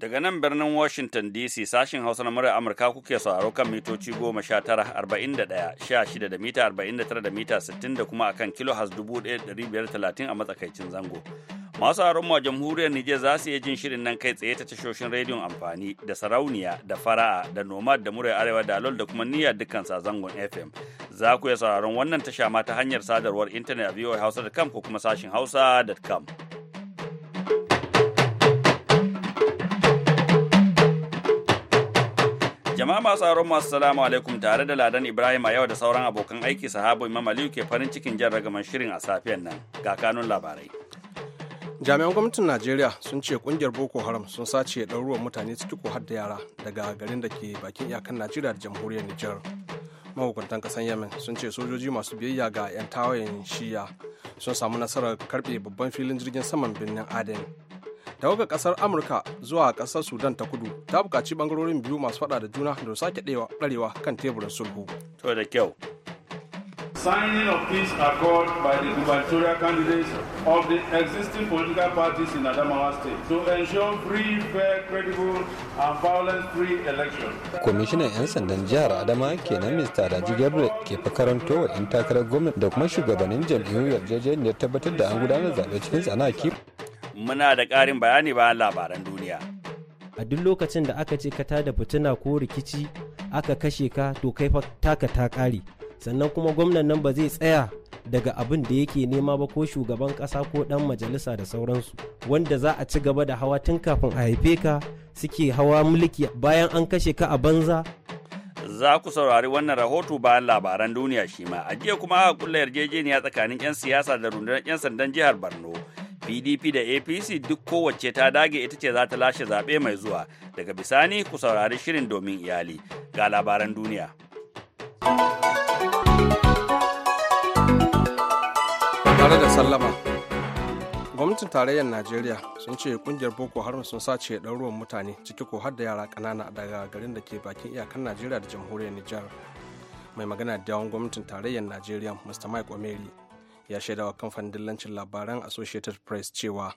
Daga nan birnin Washington DC sashin Hausa na murar Amurka kuke sauraro kan mitoci goma sha tara da mita arba'in da mita sittin da kuma akan kilo has dubu biyar a matsakaicin zango. Masu haron ma jamhuriyar Nijar za su iya jin shirin nan kai tsaye ta tashoshin rediyon amfani da sarauniya da fara'a da nomad da murai arewa da alol da kuma niyyar dukkan sa zangon FM. Za ku iya sauraron wannan tasha ma ta hanyar sadarwar intanet a voahausa.com ko kuma sashin hausa.com. Jama'a masu aron masu salamu alaikum tare da Ladan Ibrahim a yau da sauran abokan aiki sahabu Imam Aliyu ke farin cikin jan ragaman shirin a safiyan nan ga kanun labarai. Jami'an gwamnatin Najeriya sun ce kungiyar Boko Haram sun sace ɗaruruwan mutane ciki ko har da yara daga garin da ke bakin iyakan Najeriya da jamhuriyar Nijar. Mahukuntan kasan yamin sun ce sojoji masu biyayya ga 'yan tawayen shiya sun samu nasarar karbe babban filin jirgin saman birnin Aden tawaga kasar amurka zuwa kasar sudan ta kudu ta bukaci bangarorin biyu masu fada da juna da sake ɗarewa kan teburin sulhu to da kyau signing of peace accord by the gubernatorial candidates of the existing political parties in Adamawa State to ensure free, fair, credible and violence-free election. Kwamishinan 'yan sandan jihar Adama kenan Mr. Raji Gabriel ke fakaranto wa 'yan takarar gwamnati da kuma shugabannin jam'iyyar yarjejeniyar tabbatar da an gudanar zaɓe cikin tsanaki Muna da ƙarin bayani bayan labaran duniya. A duk lokacin da aka ce ka da fitina ko rikici aka kashe ka to kai fa taka ta ƙare. Sannan kuma gwamnan nan ba zai tsaya daga abin da yake nema ba ko shugaban ƙasa ko ɗan majalisa da sauransu wanda za a ci gaba da hawa tun kafin a haife ka suke hawa mulki bayan an kashe ka a banza za ku saurari wannan rahoto bayan labaran duniya shi ma a jiya kuma aka kulla yarjejeniya tsakanin 'yan siyasa da rundunar 'yan sandan jihar borno pdp da apc duk kowace ta dage ita ce za ta lashe zaɓe mai zuwa daga bisani ku saurari shirin domin iyali ga labaran duniya tare da sallama gwamnatin tarayyar najeriya sun ce kungiyar boko haram sun sace ɗaruruwan mutane ciki ko har da yara ƙanana daga garin da ke bakin iyakan najeriya da jamhuriyar nijar mai magana da yawan gwamnatin tarayyar najeriya mr mike omeri ya shaidawa kamfanin dillancin labaran associated press cewa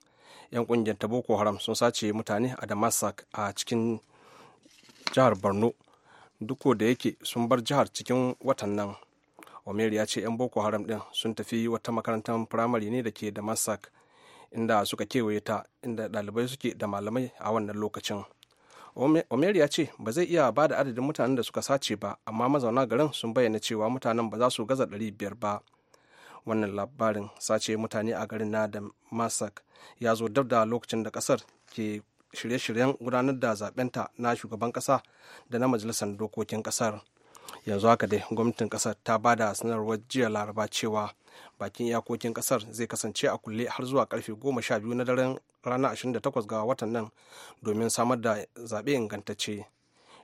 'yan kungiyar ta boko haram sun sace mutane a damasak a cikin jihar borno duk da yake sun bar jihar cikin watan nan omer ya ce 'yan boko haram din sun tafi wata makarantar firamare ne da ke damasak inda suka kewaye ta inda ɗalibai suke da malamai a wannan lokacin omer ya ce ba zai iya ba da adadin mutanen da suka sace ba amma mazauna garin sun bayyana cewa mutanen ba za su gaza 500 ba wannan labarin sace mutane a garin na da masak ya zo dab da lokacin da kasar ke shirye-shiryen gudanar da zaɓenta na shugaban kasa da na majalisar dokokin kasar yanzu haka dai gwamnatin kasar ta ba da sanarwar jiya laraba cewa bakin iyakokin kasar zai kasance a kulle har zuwa karfe goma sha biyu na daren ranar 28 ga watan nan domin samar da zaɓe ingantacce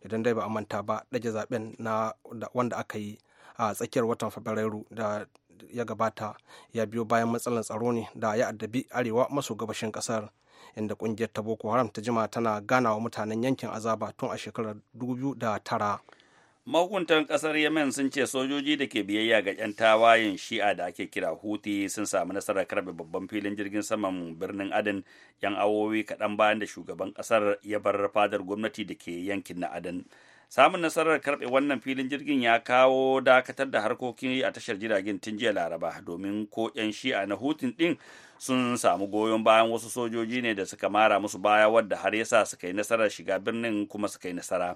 idan dai ba a manta ba ɗage zaɓen na wanda aka yi a tsakiyar watan fabrairu da ya gabata ya biyo bayan matsalar tsaro ne da ya addabi arewa maso gabashin kasar inda kungiyar ta boko haram ta jima tana ganawa mutanen yankin azaba tun a shekarar tara. mahukuntan kasar yemen sun ce sojoji da ke biyayya ga 'yan tawayen shi'a da ake kira huti sun samu nasarar karbe babban filin jirgin saman birnin adan yan awowi kaɗan bayan da shugaban kasar ya bar fadar gwamnati da ke yankin na adan samun nasarar karɓe wannan filin jirgin ya kawo dakatar da harkoki a tashar jiragen tun jiya laraba domin ko 'yan shi'a na hutun ɗin sun samu goyon bayan wasu sojoji ne da suka mara musu baya wadda har yasa suka yi nasarar shiga birnin kuma suka yi nasara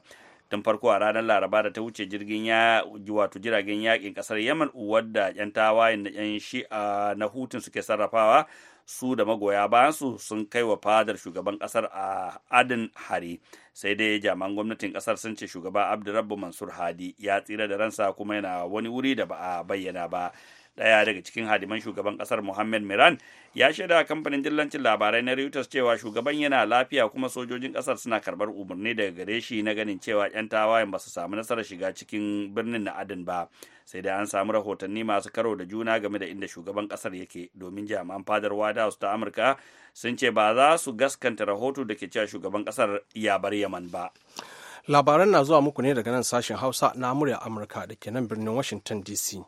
tun farko a ranar laraba da ta wuce jirgin ya wato jiragen yakin kasar yaman wadda yan tawayen da yan shi'a na hutun suke sarrafawa su da magoya bayansu sun kai wa fadar shugaban kasar a adin hari sai dai jaman gwamnatin kasar sun ce shugaba abdurrabbu mansur hadi ya tsira da ransa kuma yana wani wuri da ba a bayyana ba daya daga cikin hadiman shugaban kasar Mohammed Miran ya shaida kamfanin dillancin labarai na Reuters cewa shugaban yana lafiya kuma sojojin kasar suna karbar umarni daga gare shi na ganin cewa 'yan tawayen ba su samu nasarar shiga cikin birnin na adin ba sai da an samu rahotanni masu karo da juna game da inda shugaban kasar yake domin jami'an fadar wada ta Amurka sun ce ba za su gaskanta rahoto da ke cewa shugaban kasar ya bar Yaman ba. Labaran na zuwa muku ne daga nan sashen Hausa na murya Amurka da ke nan birnin Washington DC.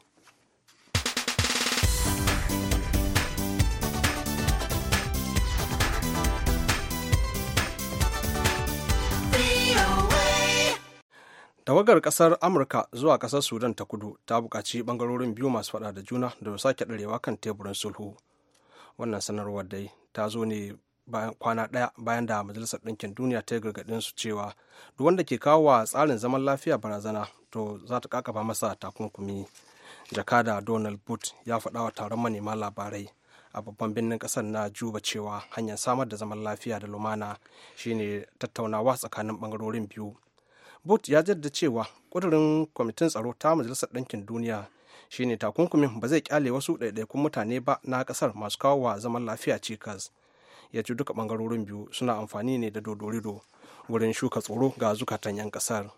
tawagar kasar amurka zuwa kasar sudan ta kudu ta buƙaci ɓangarorin biyu masu faɗa da juna da sake ɗarewa kan teburin sulhu wannan sanarwar dai ta zo ne kwana ɗaya bayan da majalisar ɗinkin duniya ta yi gargaɗin su cewa duk wanda ke kawo wa tsarin zaman lafiya barazana to za ta kakaba masa takunkumi jakada donald boot ya faɗa wa taron manema labarai a babban birnin ƙasar na juba cewa hanyar samar da zaman lafiya da lumana shine tattaunawa tsakanin ɓangarorin biyu bot ya jaddada cewa ƙudurin kwamitin tsaro ta majalisar ɗinkin duniya shine takunkumin ba zai kyale wasu ɗaiɗaikun mutane ba na ƙasar masu kawo wa zaman lafiya cikas ya ce duka ɓangarorin biyu suna amfani ne da dodorido wurin shuka tsoro ga zukatan 'yan ƙasar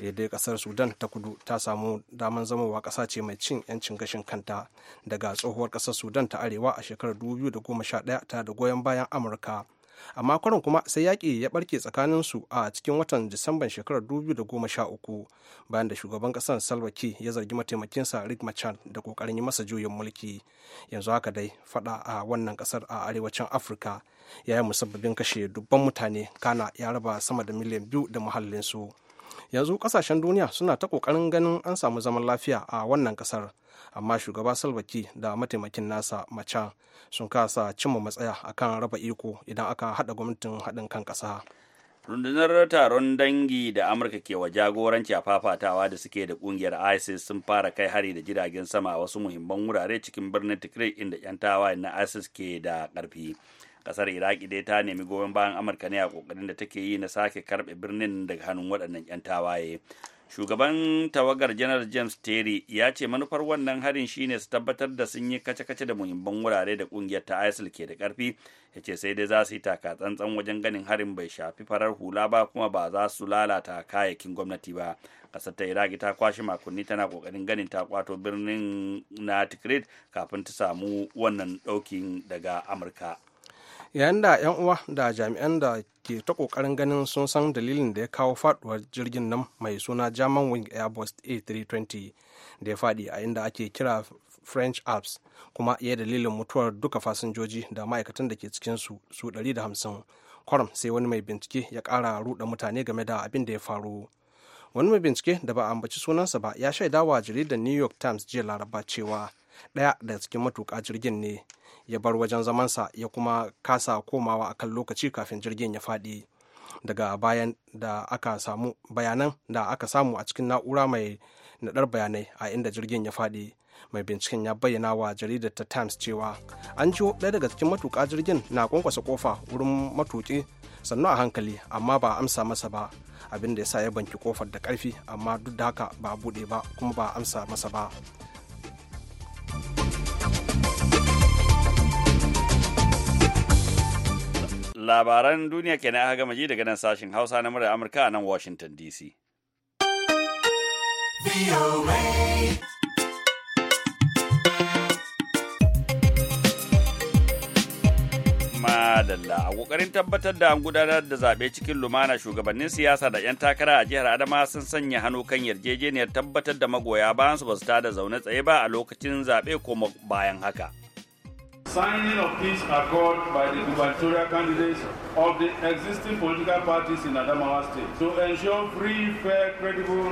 eh, dai ƙasar sudan ta kudu ta samu damar zamowa ƙasa ce mai cin 'yancin gashin kanta daga tsohuwar ƙasar sudan ta arewa a shekarar 2011 ta da goyon bayan amurka amma kwarin kuma sai yaƙi ya ɓarke su a cikin watan disamban shekarar 2013 bayan da shugaban ƙasar salwaki ya zargi mataimakinsa rick machan da kokarin yi masa juyin mulki yanzu haka dai faɗa a wannan ƙasar a arewacin afirka ya yi musabbabin kashe dubban mutane kana ya raba sama da miliyan biyu da muhallinsu yanzu kasashen duniya suna ta kokarin ganin an samu zaman lafiya a wannan kasar amma shugaba salbaki da mataimakin nasa maca sun kasa cimma matsaya akan raba iko idan aka hada gwamnatin haɗin kan ƙasa rundunar taron dangi da amurka ke wa jagoranci a fafatawa da suke da kungiyar isis sun fara kai hari da jiragen sama a wasu muhimman wurare cikin birnin tikrit inda 'yan tawayen na isis ke da ƙarfi kasar iraki dai ta nemi goyon bayan amurka ne a kokarin da take yi na sake karbe birnin daga hannun waɗannan 'yan tawaye shugaban tawagar janar james terry ya ce manufar wannan harin shine su tabbatar da sun yi kace-kace da muhimman wurare da kungiyar ta isil ke da karfi ya ce sai dai za su yi taka tsantsan wajen ganin harin bai shafi farar hula ba kuma ba za su lalata kayayyakin gwamnati ba kasar ta iraki ta kwashe makonni tana kokarin ganin ta kwato birnin na tikrit kafin ta samu wannan daukin daga amurka yayin da 'yan uwa da jami'an da ke ta kokarin ganin sun san dalilin da ya kawo faduwar jirgin nan mai suna german wing airbus a320 da ya fadi a inda ake kira french alps kuma ya dalilin mutuwar duka fasinjoji da ma'aikatan da ke cikin su su 150 kwaram sai wani mai bincike ya kara ruɗa mutane game da abin da ya faru wani mai bincike da ba a ambaci sunansa ba ya shaidawa wa jaridar new york times jiya laraba cewa ɗaya da cikin matuka jirgin ne ya bar wajen zamansa ya kuma kasa komawa akan lokaci kafin jirgin ya faɗi daga bayan da aka samu bayanan da aka samu a cikin na'ura mai naɗar bayanai a inda jirgin ya faɗi mai binciken ya bayyana wa jaridar ta times cewa an ciwo ɗaya daga cikin matuka jirgin na kwankwasa kofa wurin matuƙi sannu a hankali amma ba a amsa masa ba abin da ya sa ya banki kofar da ƙarfi amma duk da haka ba a buɗe ba kuma ba a amsa masa ba labaran duniya kenan aka gama ji daga nan sashen hausa na murar amurka a nan washington dc Madalla a ƙoƙarin tabbatar da an gudanar da zaɓe cikin lumana shugabannin siyasa da 'yan takara a jihar Adama sun sanya hannu kan yarjejeniyar tabbatar da magoya bayan su ba su tada zaune tsaye ba a lokacin zaɓe ko bayan haka. signing of peace accord by the gubernatorial candidates of the existing political parties in Adamawa State to ensure free, fair, credible,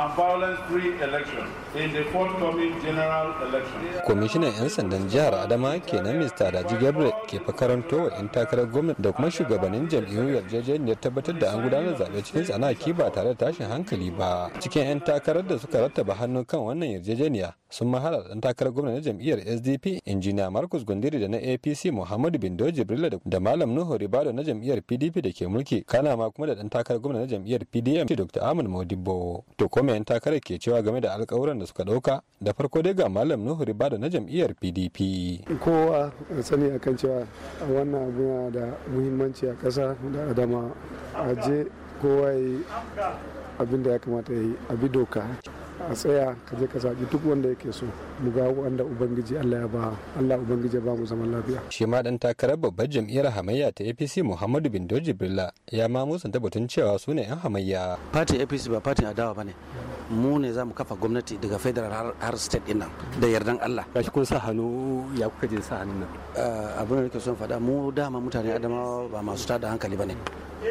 and violence-free elections in the forthcoming general election. Commissioner 'yan sandan jihar Adama kenan Mr. Daji Gabriel ke fakaranto wa 'yan takarar gwamnati da kuma shugabannin jam'iyyar yarjejeniyar tabbatar da an gudanar zaɓe cikin tsanaki ba tare da tashin hankali ba. Cikin 'yan takarar da suka rattaba hannu kan wannan yarjejeniya sun mahala dan takarar gwamna na jam'iyyar SDP injiniya Marcus Gundiri da na APC Muhammadu Bindo Jibrila da Malam Nuhu Ribado na jam'iyyar PDP da ke mulki kana ma kuma da dan takarar gwamna na jam'iyyar PDM Dr. Ahmad Modibo to ko me yan takarar ke cewa game da alkawuran da suka dauka da farko dai ga Malam Nuhu Ribado na jam'iyyar PDP kowa sani akan cewa wannan abu yana da muhimmanci a ƙasa da adama aje kowa yi abin da ya kamata ya yi abi doka a tsaya ka je ka zaɓi duk wanda yake so mu ga wanda ubangiji Allah ya ba Allah ubangiji ba mu zaman lafiya shi ma dan takarar babbar jam'iyyar hamayya ta APC Muhammadu Bindo Jibrilla ya ma musanta batun cewa su ne yan hamayya party APC ba party adawa bane mu ne za mu kafa gwamnati daga federal har state din nan da yardan Allah gashi kun sa hannu ya kuka je sa hannun nan eh, abin da kake son faɗa mu dama mutane adamawa ba masu tada hankali bane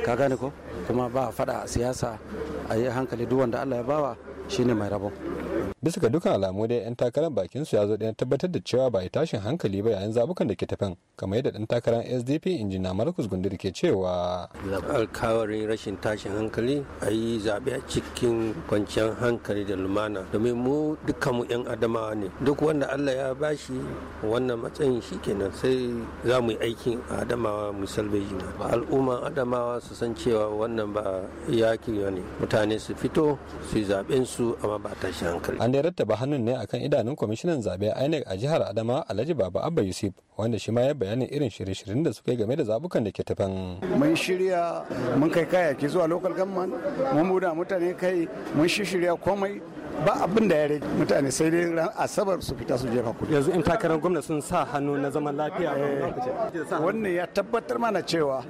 ka gane ko kuma ba faɗa siyasa a yi hankali duk wanda Allah ya bawa shine mai rabon bisa ga dukkan alamu dai yan takarar bakin su ya zo ɗayan tabbatar da cewa ba tashin hankali ba yayin zabukan da ke tafin kamar yadda ɗan takarar sdp injina marcus gundur ke cewa alkawarin rashin tashin hankali a yi zaɓe a cikin kwanciyar hankali da lumana domin mu dukkan mu yan adamawa ne duk wanda allah ya bashi wannan matsayin shi kenan sai za mu yi aikin adamawa mu salbe juna al'umma adamawa su san cewa wannan ba yaki ne mutane su fito su yi su amma ba tashin hankali an dai rattaba hannun ne akan idanun kwamishinan zabe INEC a jihar Adama Alhaji Baba Abba Yusuf wanda shi ma ya bayani irin shirye-shiryen da suka yi game da zabukan da ke tafan. Mun shirya mun kai kayayyaki zuwa local government mun buda mutane kai mun shirya komai ba abin da ya rage mutane sai dai ran asabar su fita su jefa kudi yanzu in takarar gwamna sun sa hannu na zaman lafiya eh, wannan ya tabbatar mana cewa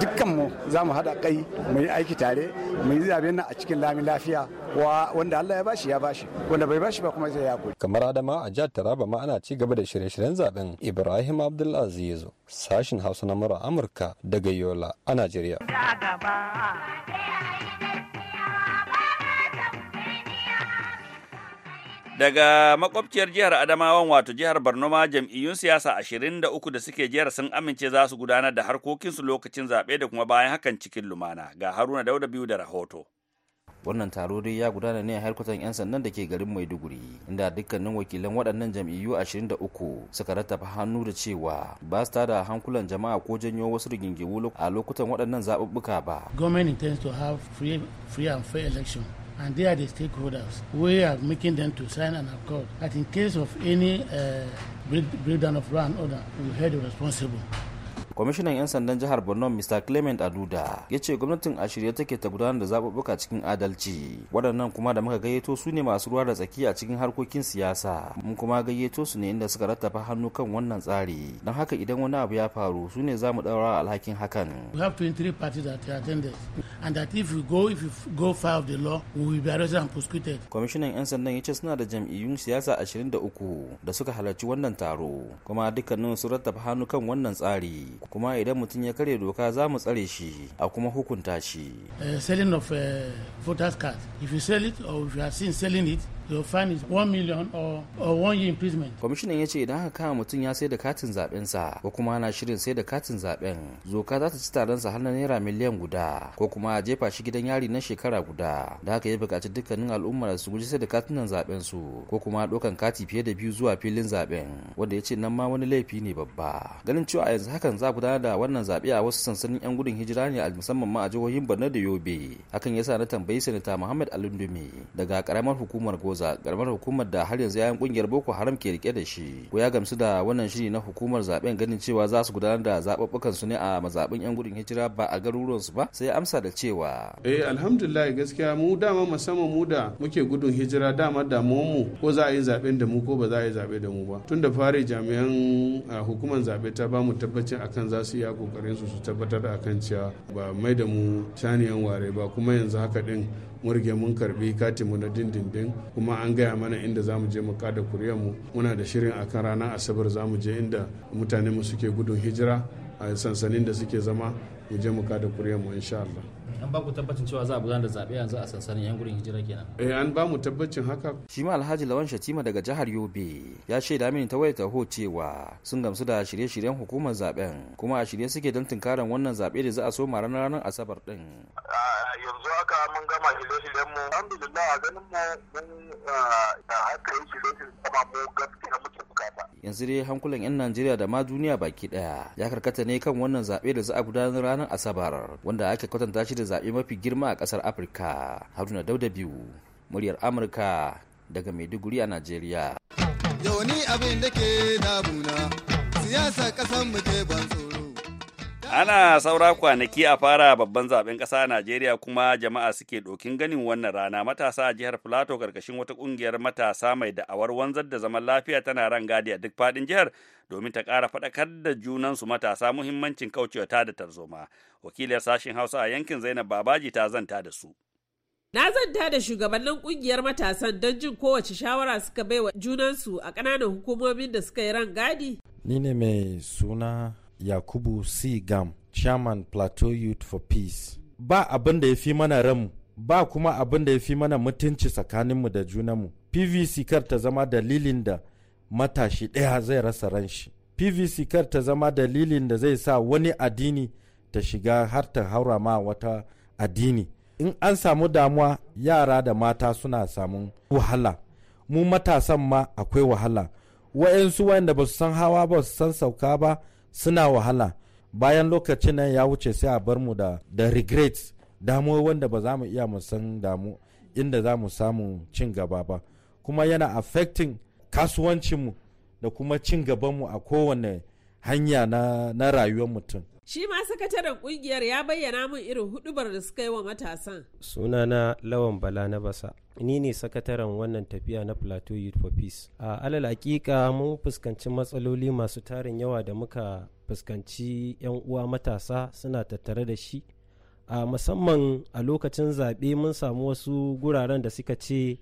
dukkan mu za mu haɗa kai mu yi aiki tare mu yi zabe nan a cikin lami lafiya wa wanda Allah ya bashi ya bashi wanda bai bashi ba kuma zai ya kudi kamar adama a jihar Taraba ma ana ci gaba da shirye-shiryen zaben Ibrahim Abdulaziz sashin Hausa na Amurka daga Yola a Najeriya. daga makwabciyar jihar adamawan wato jihar borno ma jam'iyyun siyasa ashirin da uku da suke jihar sun amince za su gudanar da harkokinsu lokacin zaɓe da kuma bayan hakan cikin lumana ga haruna dauda biyu da rahoto wannan taro dai ya gudana ne a harkutan 'yan sandan da ke garin maiduguri inda dukkanin wakilan waɗannan jam'iyyu 23 suka rattafa hannu da cewa ba su tada hankulan jama'a ko janyo wasu rigingimu a lokutan waɗannan zaɓuɓɓuka ba government intends to have free, free and fair election and they are the stakeholders. We are making them to sign an accord that in case of any uh, breakdown of law and order, we hold the responsible. kwamishinan 'yan sandan jihar borno mr clement aduda ya ce gwamnatin a shirye take ta gudanar da zaɓuɓɓuka cikin adalci waɗannan kuma da muka gayyato su ne masu ruwa da tsaki a cikin harkokin siyasa mun kuma gayyato su ne inda suka rattafa hannu kan wannan tsari don haka idan wani abu ya faru su ne za mu ɗaura alhakin hakan we have 23 parties that attended and that if we go if we go far the law we will be arrested and prosecuted kwamishinan 'yan sandan ya ce suna da jam'iyyun siyasa ashirin da uku, da suka halarci wannan taro kuma dukkanin su rattafa hannu kan wannan tsari kuma idan mutum ya karya doka za mu tsare shi a kuma hukunta shi. Eh, selling of uh, voters card if you sell it or if you are seen selling it your fine is one million or, or one year imprisonment. Kwamishinan ya ce idan haka kama mutum ya sai da katin zaben sa ko kuma ana shirin sai da katin zaben zoka za ta ci taron sa har na naira miliyan guda ko kuma a jefa shi gidan yari na shekara guda da haka ya bukaci dukkanin al'ummar su guji sai da katunan zaben su ko kuma dokan kati fiye da biyu zuwa filin zaben wanda ya ce nan ma wani laifi ne babba ganin cewa a yanzu hakan za gudanar da wannan zaɓe a wasu sansanin 'yan gudun hijira ne a musamman ma a jihohin Borno da Yobe hakan sa na tambayi sanata Muhammad Alundumi daga karamar hukumar Goza Goza hukumar da har yanzu yayan kungiyar Boko Haram ke rike da shi. Ko ya gamsu da wannan shiri na hukumar zaben ganin cewa za su gudanar da zaɓuɓɓukan su ne a mazaɓin 'yan gudun hijira ba a garuruwan su ba sai amsa da cewa. Eh alhamdulillah gaskiya mu dama musamman mu da muke gudun hijira dama damuwan mu ko za a yi zaben da mu ko ba za a yi zabe da mu ba. Tun da fari jami'an hukumar zabe ta ba mu tabbacin akan za su iya kokarin su su tabbatar da akan cewa ba mai da mu shaniyan ware ba kuma yanzu haka din murge rige mun karbi mu na dindindin kuma an gaya mana inda za mu je mu kada kuriyar mu muna da shirin a akan ranar asabar za mu je inda mutane mu suke gudun hijira a sansanin da suke zama mu je mu kada kuriyar mu insha Allah an ba ku tabbacin cewa za a gudanar da zaɓe yanzu a sansanin yan gurin hijira kenan eh an ba mu tabbacin haka shi ma alhaji lawan shatima daga jihar yobe ya da mini ta wayar ta cewa sun gamsu da shirye-shiryen hukumar zaben kuma a shirye suke don tunkaran wannan zaɓe da za a ma ranar ranar asabar din yanzu haka mun gama shirye-shiryen mu alhamdulillah a ganin mu mun haka yi shirye-shiryen kuma mu gaskiya muke yanzu dai hankulan 'yan najeriya da ma duniya baki daya ya karkata ne kan wannan zaɓe da za a gudanar ranar asabar wanda ake kwatanta shi da zaɓe mafi girma a ƙasar afirka haruna dauda biyu muryar amurka daga maiduguri a najeriya ni abin da ke damuna siyasa ƙasar mu ke ban tsoro Ana saura kwanaki a fara babban zaben ƙasa a Najeriya kuma jama'a suke ɗokin ganin wannan rana matasa a jihar Filato karkashin wata ƙungiyar matasa mai da'awar wanzar da zaman lafiya tana ran gadi a duk faɗin jihar domin ta ƙara faɗakar da junansu matasa muhimmancin kaucewa ta da tarzoma. Wakiliyar sashen Hausa a yankin Zainab Babaji ta zanta da su. Na zanta da shugabannin kungiyar matasan don jin kowace shawara suka bai wa junansu a ƙananan hukumomin da suka yi ran gadi. Ni ne mai suna yakubu c gam chairman plateau youth for peace ba abin da ya fi mana ranmu ba kuma abin da ya fi mana mutunci tsakaninmu da junanmu pvc kar ta zama dalilin da matashi ɗaya zai rasa ran shi pvc kar ta zama dalilin da zai sa wani addini ta shiga har ta haura ma wata addini in an samu damuwa yara da mata suna samun wahala mu matasan ma akwai wahala wa'yansu wa'yanda ba su san hawa ba su san sauka ba suna wahala bayan lokacin nan ya wuce sai a bar mu da da regret damuwa wanda ba za mu iya mu san damu inda za mu samu cin gaba ba kuma yana affecting kasuwancinmu da kuma cin gaban mu a kowane hanya na rayuwar mutum Shi ma sakataren kungiyar ya bayyana mun irin hudubar da suka yi wa matasan. Sunana Lawan Bala na Basa. Ni ne sakataren wannan tafiya na Plateau Youth for Peace. A alal hakika mun fuskanci matsaloli masu tarin yawa da muka fuskanci 'yan uwa matasa suna tattare da shi. A musamman a lokacin zaɓe mun samu wasu guraren da suka ce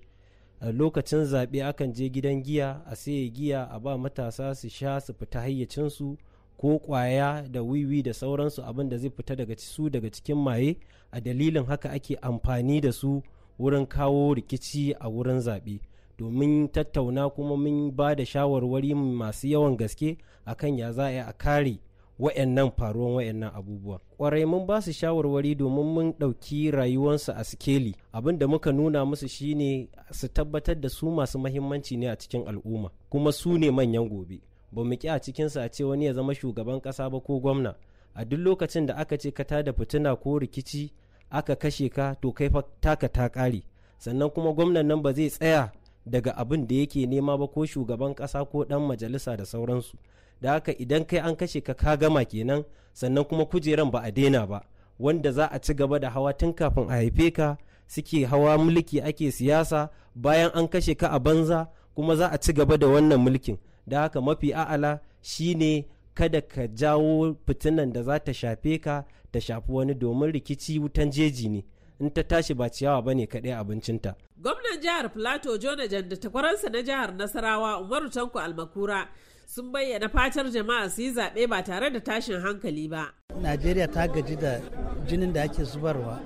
a lokacin zaɓe akan je gidan giya a saye giya a ba matasa su sha su fita hayyacinsu. su ko kwaya da wiwi da sauransu abin da zai fita daga su daga cikin maye a dalilin haka ake amfani da su wurin kawo rikici a wurin zaɓe domin tattauna kuma mun ba da shawarwari masu yawan gaske akan ya za a kare wa'annan faruwan wa'annan abubuwa kwarai mun ba su shawarwari domin mun ɗauki rayuwansu a sikeli abin da muka nuna musu shine su tabbatar da su masu mahimmanci ne a cikin al'umma kuma su ne manyan gobe ba mu ki a cikinsa a ce wani ya zama shugaban ƙasa ba ko gwamna a duk lokacin da aka ce ka da fitina ko rikici aka kashe ka to kai fa taka ta ƙare sannan kuma gwamnan nan ba zai tsaya daga abin da yake nema ba ko shugaban ƙasa ko ɗan majalisa da sauransu da haka idan kai an kashe ka ka gama kenan sannan kuma kujeran ba a daina ba wanda za a ci gaba da hawa tun kafin a haife ka suke hawa mulki ake siyasa bayan an kashe ka a banza kuma za a ci gaba da wannan mulkin da haka mafi a'ala shine kada ka jawo fitinan da za ta shafe ka ta shafi wani domin rikici wutan jeji ne in ta tashi ba ciyawa ba ne kaɗai abincinta. Gwamnan jihar Plateau Jonajan da takwaransa na jihar Nasarawa Umaru Tanko Almakura sun bayyana fatar jama'a su yi zaɓe ba tare da tashin hankali ba. Najeriya ta gaji da jinin da ake zubarwa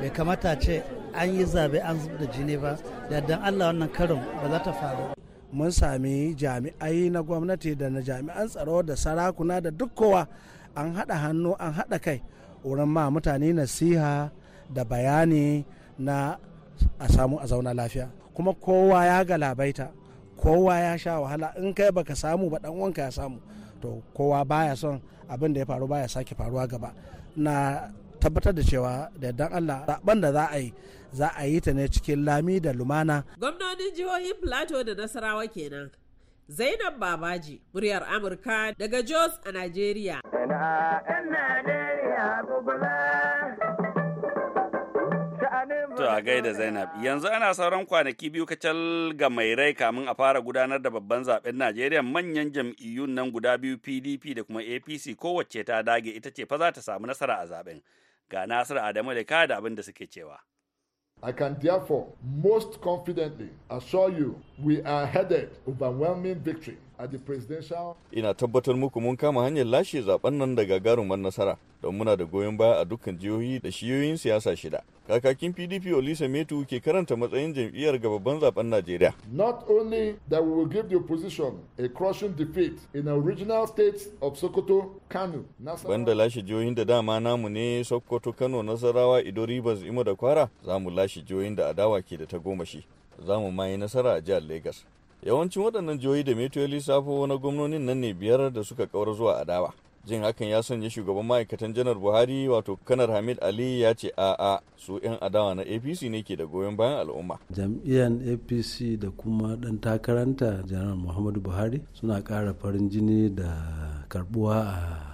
bai kamata ce an yi zaɓe an zub da jini ba da don Allah wannan karin ba za ta faru. mun sami jami'ai na gwamnati da na jami'an tsaro da sarakuna da duk kowa an haɗa hannu an haɗa kai wurin ma mutane nasiha da bayani na a samu a zauna lafiya kuma kowa ya galabaita kowa ya sha wahala in kai baka samu ba dan uwanka ya samu to kowa baya son abin da ya faru baya sake faruwa gaba na tabbatar da cewa da dan Allah zaben da za a yi za a yi ta ne cikin lami da lumana. Gwamnonin jihohin Plato da Nasarawa kenan. Zainab Babaji, muryar Amurka daga Jos a Najeriya. To a gaida Zainab, yanzu ana sauran kwanaki biyu kacal ga mai rai kamun a fara gudanar da babban zaben Najeriya manyan jam'iyyun nan guda biyu PDP da kuma APC kowace ta dage ita ce fa za ta samu nasara a zaben. Ga nasiru Adamu da kada abin da suke cewa. I can therefore most confidently assure you We are headed overwhelming victory at the presidential. Ina tabbatar muku mun kama hanyar lashe zaben nan da gagarumar nasara don muna da goyon baya a dukkan jihohi da shiyoyin siyasa shida. Kakakin PDP Olisa Metu ke karanta matsayin jam'iyyar ga babban zaben Najeriya. Not only that we will give the opposition a crushing defeat in the original states of Sokoto, Kano, Nasarawa. Banda lashe jihohin da dama namu ne Sokoto, Kano, Nasarawa, Ido Rivers, Imo da Kwara, za mu lashe jihohin da adawa ke da ta goma shi. za mu ma yi nasara a jihar Legas. Yawancin waɗannan jihohi da Meteor lissafo na gwamnonin nan ne biyar da suka kawar zuwa adawa. jin hakan ya sanya shugaban ma'aikatan janar buhari wato kanar hamid ali ya ce a'a su 'yan adawa na apc ne ke da goyon bayan al'umma jam'iyyar apc da kuma dan takaranta janar muhammadu buhari suna kara farin jini da karbuwa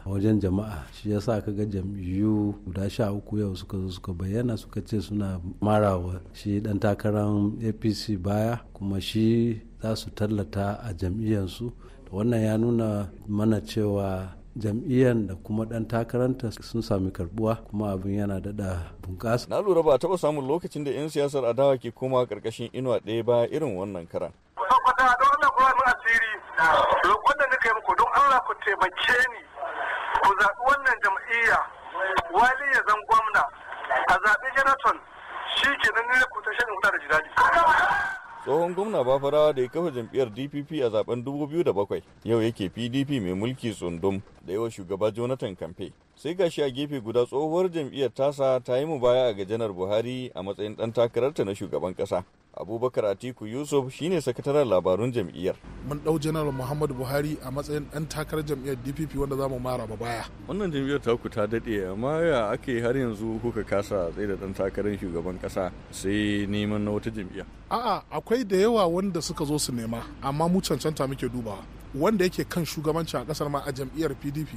a wajen jama'a shi ya sa kaga jam'iyyu guda sha uku yau suka zo suka bayyana suka ce suna marawa shi dan takarar apc baya kuma shi za su tallata a jam'iyyarsu wannan ya nuna mana cewa jam'iyyar da kuma dan takaranta sun sami karbuwa kuma abin yana dada bunƙasa. Na lura ba taɓa samun lokacin da 'yan siyasar adawa ke koma ƙarƙashin inuwa ɗaya ba irin wannan karan. Saboda don Allah kuma asiri roƙon da nake muku don Allah ku taimake ni ku zaɓi wannan jam'iyya wali ya zan gwamna a zaɓi Jonathan shi ke nan ne ku ta shan da jirali. tsohon gwamna bafarawa da ya kafa jam'iyyar dpp a zaben 2007 yau yake pdp mai mulki tsundum da yawa shugaba jonathan kamfe sai gashi a gefe guda tsohuwar jam'iyyar tasa ta yi mu baya ga janar buhari a matsayin dan takararta na shugaban kasa abubakar atiku yusuf shine sakataren labarun jam'iyyar mun dau janar muhammadu buhari a matsayin dan takarar jam'iyyar dpp wanda za mu mara ba baya wannan jam'iyyar taku ta daɗe amma ya ake har yanzu kuka kasa tsaye da dan takarar shugaban kasa sai neman na wata jam'iyya a'a akwai da yawa wanda suka zo su nema amma mu cancanta muke dubawa wanda yake kan shugabanci a kasar ma a jam'iyyar pdp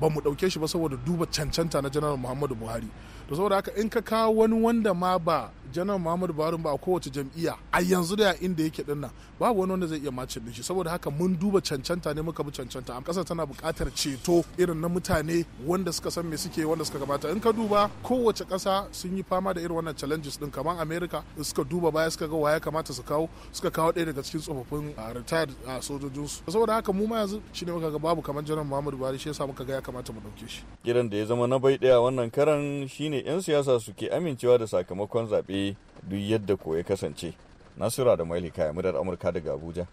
ba mu ɗauke shi ba saboda duba cancanta na janar muhammadu buhari to saboda haka in ka kawo wani wanda ma ba janar muhammadu buhari ba a kowace jam'iyya a yanzu da inda yake dinnan babu wani wanda zai iya macin din shi saboda haka mun duba cancanta ne muka bi cancanta a ƙasa tana buƙatar ceto irin na mutane wanda suka san me suke wanda suka gabata in ka duba kowace ƙasa sun yi fama da irin wannan challenges din kamar america suka duba baya suka ga waya kamata su kawo suka kawo ɗaya daga cikin tsofaffin ah, retired ah, sojojin su saboda haka mu ma yanzu shine muka ga babu kamar janar muhammadu buhari shi yasa muka ga ya kamata mu ɗauke shi gidan da ya zama na bai ɗaya wannan karan shine shine 'yan siyasa suke amincewa da sakamakon zaɓe duk yadda ko ya kasance. Nasura da maili kaya murar Amurka daga Abuja,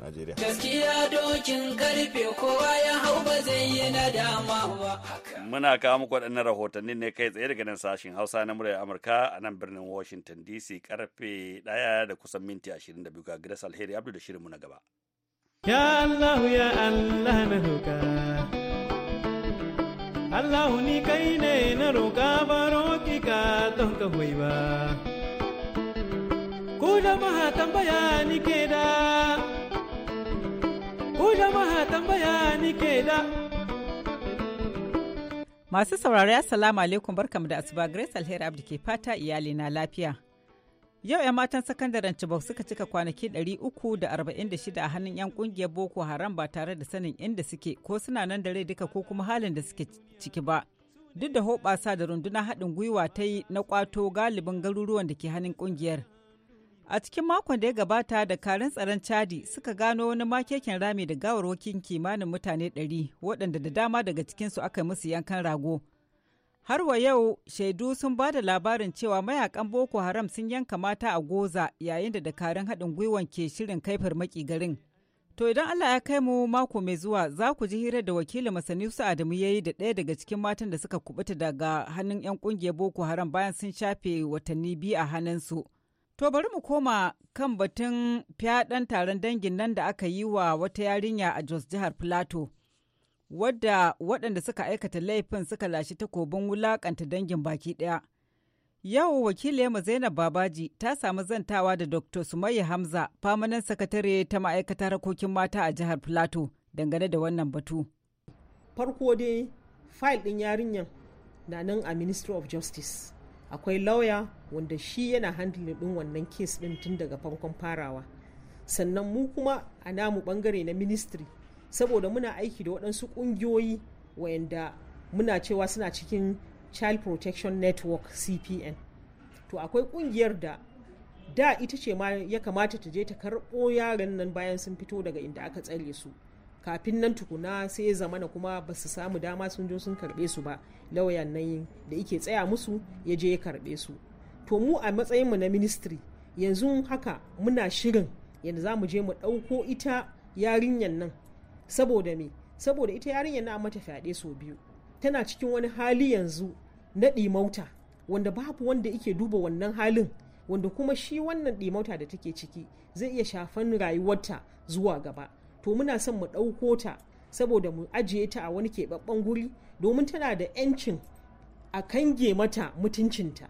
Najeriya. Gaskiya dokin karfe kowa ya hau ba zai yi na ba. Muna kawo muku waɗannan rahotannin ne kai tsaye daga nan sashen Hausa na murar Amurka a nan birnin Washington DC karfe ɗaya da kusan minti ashirin da biyu ga Gidas Alheri Abdu da shirinmu na gaba. Ya Allah ya Allah na roƙa. Allah ni kai ne na roƙa baro ki ka don ka hoyi ba. Ku jama'a tambaya ni ke da, ku jama'a tambaya ni ke da. Masu saurari Assalamu alaikum barkamu da asuba Grace Alheri Abdi ke fata iyali na lafiya. Yau 'yan matan sakandaren Chibok suka cika kwanaki 346 a hannun 'yan kungiyar Boko Haram ba tare da sanin inda suke ko suna nan da rai duka ko kuma halin da suke ciki ba. Duk da hoɓasa da runduna haɗin gwiwa ta yi na kwato galibin garuruwan da ke hannun kungiyar. A cikin makon da ya gabata da karin tsaron Chadi suka gano wani makekin rami da gawarwakin kimanin mutane 100 waɗanda da dama daga cikinsu aka yi musu yankan rago. Har wa yau shaidu sun ba da labarin cewa mayakan Boko Haram sun yanka mata a Goza yayin da dakarun haɗin gwiwan ke shirin kai farmaki garin. To idan Allah ya kai mu mako mai zuwa za ku ji hira da wakilin su Adamu ya yi da ɗaya daga cikin matan da suka kubuta daga hannun 'yan ƙungiyar Boko Haram bayan sun shafe watanni biyu a hannunsu. To bari mu koma kan batun fyaɗan taron dangin nan da aka yi wa wata yarinya a Jos jihar Plateau. wadda waɗanda suka aikata laifin suka lashe takobin wulaƙanta dangin baki ɗaya. Yau wakiliyarmu Zainab Babaji ta samu zantawa da Dr. Sumayya Hamza, famanan sakatare ta ma'aikata harkokin mata a jihar Filato dangane da wannan batu. Farko dai fayil ɗin yarinyar na nan a Ministry of Justice. Akwai lauya wanda shi yana handling ɗin wannan kes ɗin tun daga farkon farawa. Sannan mu kuma a namu ɓangare na ministry saboda muna aiki da waɗansu ƙungiyoyi wayanda muna cewa suna cikin child protection network cpn to akwai ƙungiyar da da ita ce ma ya kamata ta je ta karɓo yaran nan bayan sun fito daga inda aka tsare su kafin nan tukuna sai ya zamana kuma ba su samu dama sun je sun karɓe su ba lauyan nan da ike tsaya musu ya je ya karɓe su to mu a matsayinmu na ministry yanzu haka muna shirin yanzu za mu je mu ɗauko ita yarinyar nan saboda me saboda ita yarinyar na mata fyaɗe sau biyu tana cikin wani hali yanzu na ɗimauta wanda babu wanda ike duba wannan halin wanda kuma shi wannan ɗimauta da take ciki zai iya shafan rayuwarta zuwa gaba to muna son mu ɗauko ta saboda mu ajiye ta a wani keɓaɓɓen guri domin tana da 'yancin a kange mata mutuncinta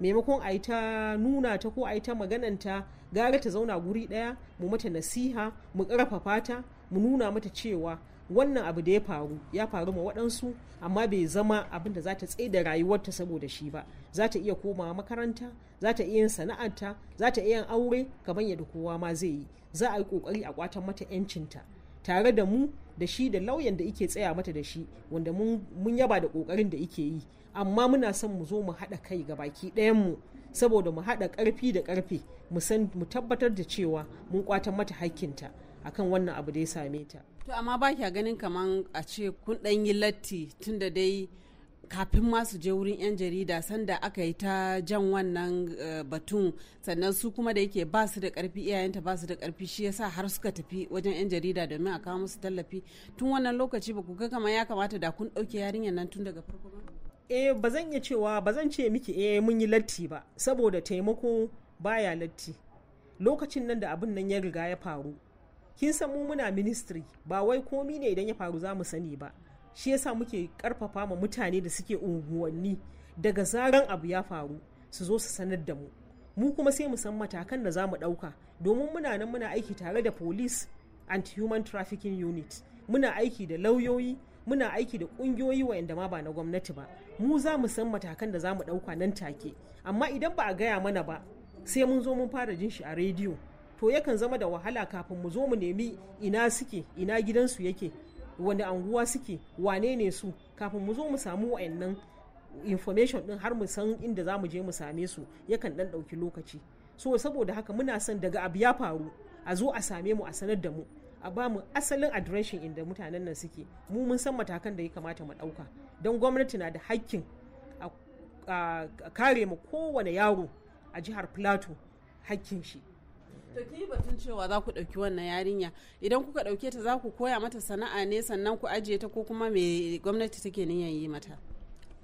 maimakon a yi ta nuna ta ko a yi ta magananta gara ta zauna guri ɗaya mu mata nasiha mu ƙarfafa ta mu nuna mata cewa wannan abu da ya faru ya faru ma waɗansu amma bai zama abin da za ta da rayuwarta saboda shi ba za ta iya komawa makaranta za ta iya yin sana'arta za ta iya yin aure kamar yadda kowa ma zai yi za a yi ƙoƙari a kwatan mata 'yancinta tare da mu da shi da lauyan da ike tsaya mata da shi wanda mun yaba da ƙoƙarin da ike yi amma muna son mu zo mu haɗa kai ga baki ɗayan mu saboda mu haɗa ƙarfi da ƙarfe mu tabbatar da cewa mun kwatan mata hakkinta akan wannan abu da ya same ta to amma ba kya ganin kaman a ce kun dan yi latti tunda dai kafin ma su je wurin 'yan jarida sanda aka yi ta jan wannan eh, batun sannan su kuma da yake ba su da karfi iyayenta ba su da karfi shi yasa har suka tafi wajen 'yan jarida domin a kawo musu tallafi tun wannan lokaci ba ku ga kamar ya kamata da kun ɗauke yarinyar nan tun daga farko ba eh ba zan iya cewa ba zan ce miki eh mun yi latti ba saboda taimako baya latti lokacin nan da abin nan ya riga ya faru kin san mu muna ministry ba wai komi ne idan ya faru za mu sani ba shi yasa muke karfafa ma mutane da suke unguwanni daga zaran abu ya faru su zo su sanar da mu mu kuma sai mu san matakan da za mu ɗauka domin muna nan muna aiki tare da police anti human trafficking unit muna aiki da lauyoyi muna aiki da ƙungiyoyi wa'anda ma ba na gwamnati ba mu za mu san matakan da za mu ɗauka nan take amma idan ba a gaya mana ba sai mun zo mun fara jin shi a rediyo to yakan zama da wahala kafin mu zo mu nemi ina suke ina gidansu yake wani anguwa suke wane ne su kafin mu zo mu samu wayannan information din har mu san inda za mu je mu same su yakan dan ɗauki lokaci so saboda haka muna son daga abu ya faru a zo a same mu a sanar da mu a ba mu asalin adireshin inda mutanen nan suke mu mun san matakan da ya kamata mu ɗauka don gwamnati na da hakkin a kare mu kowane yaro a jihar plateau hakkin shi To ki batun cewa za ku ɗauki wannan yarinya idan kuka ɗauke ta za ku koya mata sana'a ne sannan ku ajiye ta ko kuma me gwamnati take niyan yi mata.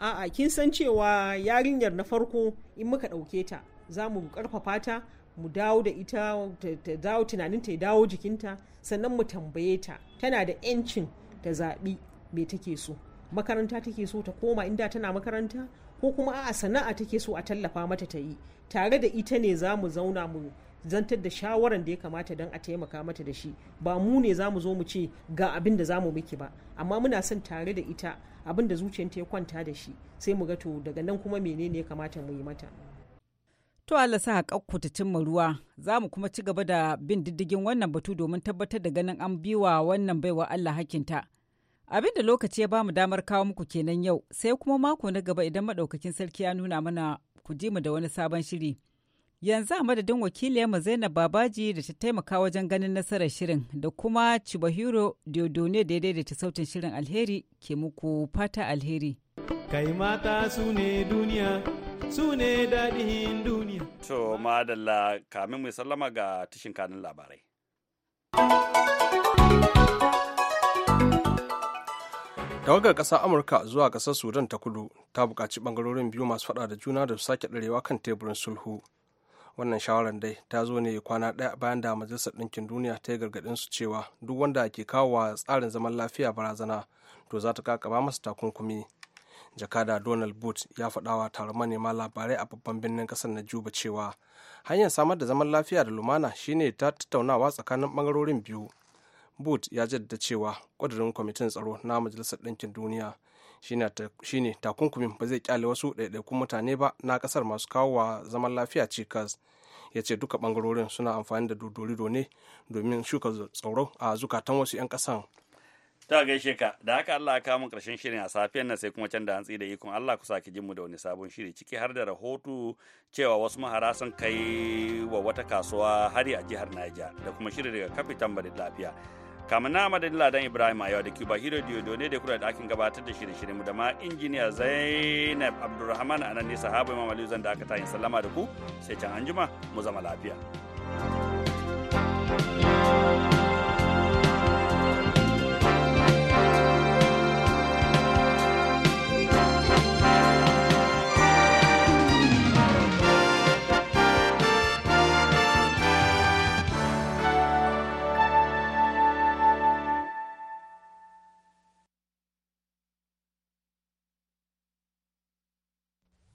A'a kin san cewa yarinyar na farko in muka ɗauke ta za mu ƙarfafa ta mu dawo da ita ta dawo tunanin ta ya dawo jikinta sannan mu tambaye ta tana da 'yancin ta zaɓi me take so makaranta take so ta koma inda tana makaranta ko kuma a'a sana'a take so a tallafa mata ta yi tare da ita ne za mu zauna mu zantar da shawaran da ya kamata don a taimaka mata da shi ba mu ne za mu zo mu ce ga abin da za mu miki ba amma muna son tare da ita abin da zuciyarta ya kwanta da shi sai mu ga to daga nan kuma menene ya kamata mu yi mata To Allah sa haƙaƙku ta cimma ruwa, za mu kuma ci gaba da bin diddigin wannan batu domin tabbatar da ganin an biwa wannan baiwa Allah hakinta. Abin da lokaci ya bamu damar kawo muku kenan yau, sai kuma mako na gaba idan maɗaukakin sarki ya nuna mana ku ji mu da wani sabon shiri. Yanzu a madadin wakiliyarmu Zainab Babaji da ta taimaka wajen ganin nasarar shirin da kuma Chibahiro Diodone da ya daidaita sautin shirin alheri ke muku fata alheri. Kai mata su ne duniya, su ne daɗin duniya. To, madalla, kamin mu sallama ga tashin kanin labarai. tawagar ƙasar amurka zuwa ƙasar sudan ta kudu ta buƙaci ɓangarorin biyu masu faɗa da juna da su sake ɗarewa kan teburin sulhu wannan shawarar dai ta zo ne kwana ɗaya bayan da majalisar ɗinkin duniya ta yi gargaɗin su cewa duk wanda ke kawo wa tsarin zaman lafiya barazana to za ta kakaba masu takunkumi jakada donald booth ya faɗa wa taron manema labarai a babban birnin ƙasar na juba cewa hanyar samar da zaman lafiya da lumana shine ta tattaunawa tsakanin ɓangarorin biyu booth ya jaddada cewa ƙudurin kwamitin tsaro na majalisar ɗinkin duniya shine takunkumin ba zai kyale wasu ɗaiɗaikun mutane ba na ƙasar masu kawo wa zaman lafiya cikas ya ce duka ɓangarorin suna amfani da dodorido ne domin shuka tsoro a zukatan wasu 'yan ƙasan ta gaishe ka da haka Allah ka mun karshen shirin a safiyar nan sai kuma can da hantsi da ikon Allah ku sake jin mu da wani sabon shiri ciki har da rahoto cewa wasu mahara sun kai wa wata kasuwa hari a jihar Niger da kuma shiri daga kafitan tambarin lafiya kamar na madadin ladan ibrahim a yau da cuba hero diodo ne da kura da akin gabatar da shirye-shirye mu da ma injiniya zainab abdulrahman a nan ne sahaba imam aliyu zan da aka tayin sallama da ku sai can anjima mu zama lafiya.